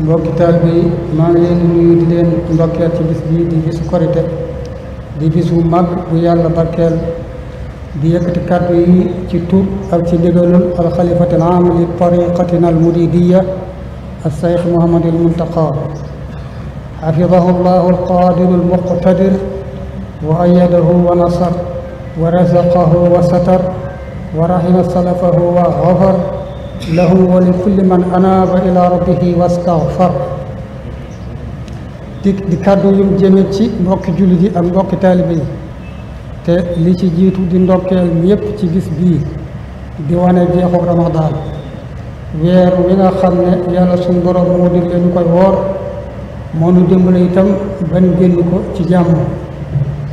mbokki bi yi maa ngi leen di nuyu di leen korite di mag bu yàlla barkeel di yëkkati kàddu yi ci tur ak al aam li tariqatina al muridiya al sayx muhammad al muntaqa xafidahu llahu al qaadiru al muqtadir wa ayadahu wa nasar wa razaqahu wa له ولكل من أناب إلى ربه واستغفر di di kàddu yum jëme ci mbokki jullit yi ak mbokki taalibe yi te li ci jiitu di ndokkeel yépp ci gis bii di wane jeexu ramadaan weer wi nga xam ne yàlla suñu borom moo digle ñu koy woor moo nu dimbale itam ban génn ko ci jàmm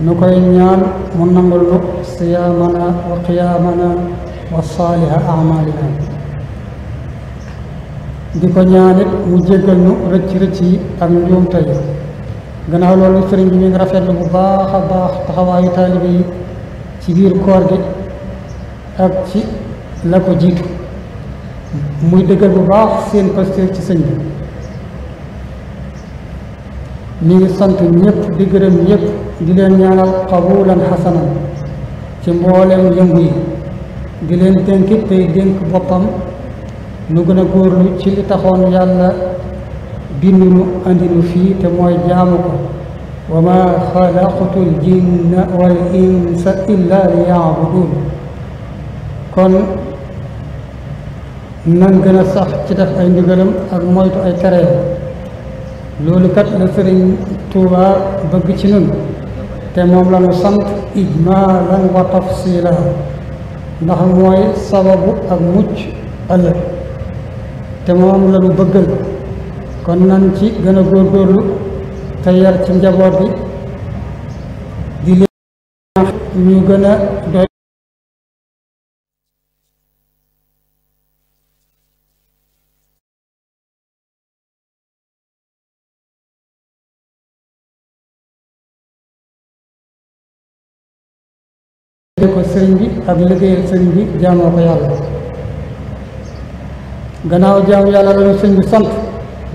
nu koy ñaan mu nangul lu siyaamana wa qiyaamana wa saaliha amalina di ko ñaanit mu jéggal ñu rëcc rëcc yi ak njuumte yi gannaaw loolu sëriñ bi mi ngi rafetlu bu baax a baax taxawaayu taalibe yi ci biir koor gi ak ci la ko jiitu muy dëggal bu baax seen pasteur ci sëñ bi mi ngi sant ñëpp di gërëm ñëpp di leen ñaanal qabulan xasanan ci mbooleem yëngu yi di leen dénkit tey dénk boppam nu gën a góorlu ci li taxoon yàlla bindu nu andi fii te mooy jaamu ko wa ma xalaqtul jinna wal insa illa liya'budun kon nan gën a sax ci def ay ndigalam ak moytu ay teree loolu kat la sëriñ Tuuba bëgg ci nun te moom la ñu sant ijmaalan wa tafsiila ndax mooy sababu ak mucc ëllëg te moom lanu ñu bëggal kon nan ci gëna a góorgóorlu te yar ci njaboot bi di leen ñu gën doy ko sëriñ bi ak liggéeyal sëriñ bi jaamoo ko yàlla gannaaw jaamu yàlla la ñu sëñ bi sant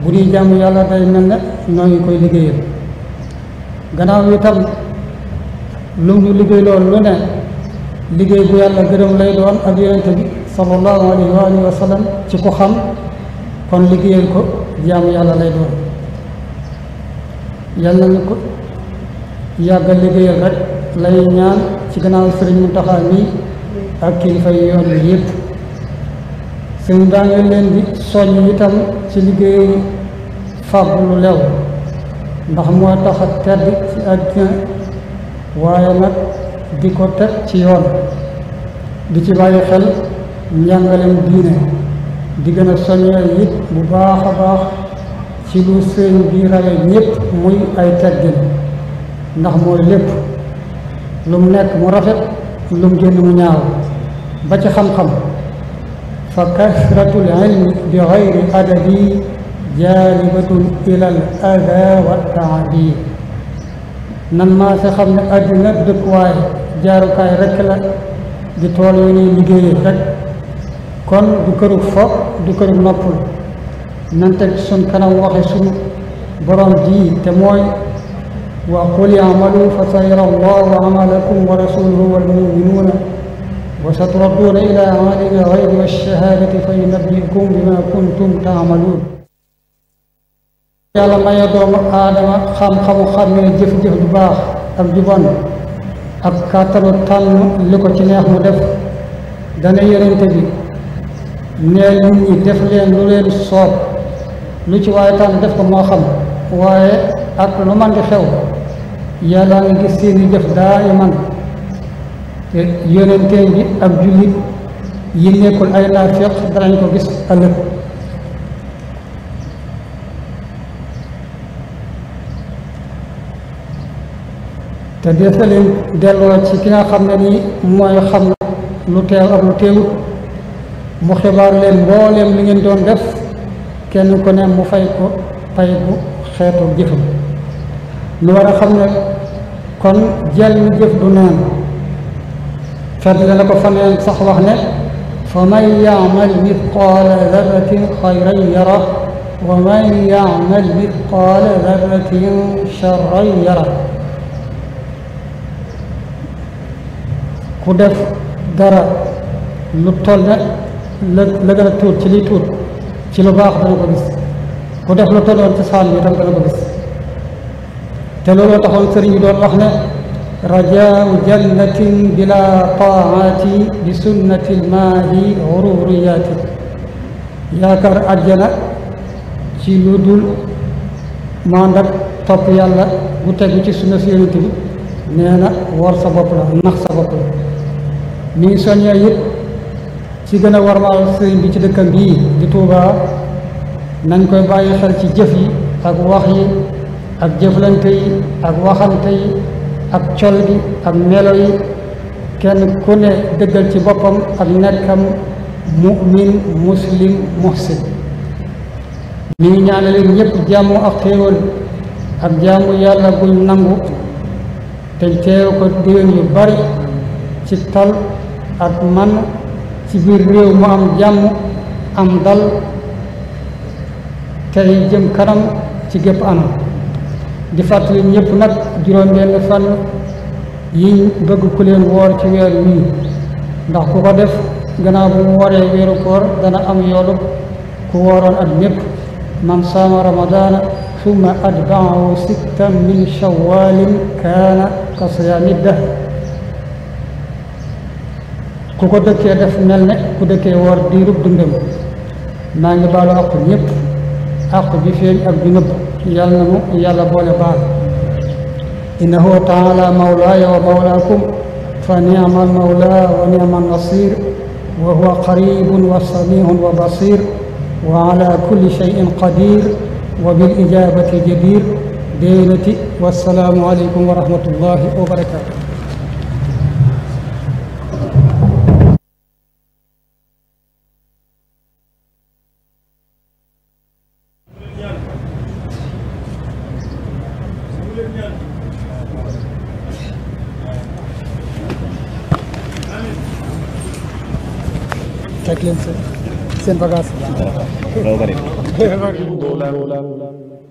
bu di jaamu yàlla day mel ne noo ngi koy liggéeyal gannaaw itam lu ñu liggéey loolu lu ne liggéey bu yàlla gërëm lay doon ak yonent bi sallallahu alayhi wa alihi ci ko xam kon liggéeyal ko jaamu yàlla lay doon yal nañu ko yàggal liggéeyal rek lay ñaan ci gannaaw sëriñ Muntaxa mi ak kilifa yoon yi yëpp ñoom daañu leen di soññ itam ci liggéey fàggu lu lew ndax moo tax a tedd ci àddina waaye nag di ko teg ci yoon di ci bàyyi xel njàngaleem diine di gën a soññee it bu baax a baax ci lu sëñ bi rawe ñépp muy ay teggin ndax mooy lépp lu mu nekk mu rafet lu mu génn mu ñaaw ba ci xam-xam فكثرة العلم بغير أدب جالبة إلى الأذى والتعب nan maa si xam ne àddina dëkkuwaay jaarukaay rekk la di tool yu ñuy liggéeyee rekk kon du këru fo du këru noppul nan teg suñ kanam waxe suñu borom ji te mooy wa qul i'malu fa sayara allahu amalakum wa rasuluhu wal muminuuna وستردون إلى عالم الغيب والشهادة فينبئكم بما كنتم تعملون yàlla may doomu aadama xam-xamu xàmmee jëf-jëf ju baax ak ju bon ak kàttanu tànn li ko ci neex mu def dana yërante bi neel nit ñi def leen lu leen soob lu ci waaye tànn def ko moo xam waaye ak lu man di xew yàlla nga gis seeni jëf daa iman te yonenteem bi ak jullit yi nekkul ay naafeq danañ ko gis ëllëg te def leen delloo ci ki nga xam ne nii mooy xam lu teew ak lu teewut mu xibaar leen mbooleem li ngeen doon def kenn ku ne mu fay ko pay bu xeetu jëfam lu war a xam ne kon jël jëf du neen fàttali na ko fan leen sax wax ne fa man yaamal mitqaala darratin xayran yara wa man yaamal mitqaala darratin charran yara dara lu toll ne la la gën ci liy tuut ci lu baax dana ko gis ku def lu tolloon ci saan bi dana ko gis te looloo رجاء جلة بلا bi بسنة الماهي غروريات yaakaar àjjana ci lu dul mànd topp yàlla bu tegu ci sunna si yonent bi nee na war sa bopp la nax sa la mi ngi soññee yëpp ci gën a warmaal sëriñ bi ci dëkkam bii di Tuubaa nañ koy bàyyi xel ci jëf yi ak wax yi ak jëflante yi ak waxante yi ak col gi ak melo yi kenn ku ne dëggal ci boppam ak nekkam mu'min muslim muhsin mi ngi ñaanale jàmm ak xéewal ak jaamu yàlla buñ nangu te teew ko déwén yu bari ci tal ak man ci biir réew mu am jàmm am dal tey jëm kanam ci gépp anam di fàttali ñëpp nag juróom-benn fan yiñ bëgg ku leen woor ci weer wii ndax ku ko def gannaaw bu mu waree weeru koor dana am yoolu ku wooroon at mépp man saama ramadaana summa atbaahu sittan min shawalin kaana ka siyaami dahr ku ko dëkkee def mel ne ku dëkkee woor diirub dundam maa ngi baalu àq ñépp àq bi feeñ ak bi nëbb yàlla na mu yàlla boole baal إنه تعالى مولاي ومولاكم فنعم المولى ونعم النصير وهو قريب وسميع وبصير وعلى كل شيء قدير وبالإجابة جدير دينتي والسلام عليكم ورحمة الله وبركاته teg leen seen seen bagage. loo bëri.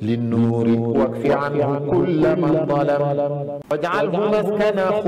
للنور واكف عنه كل من ظلم واجعله مسكنا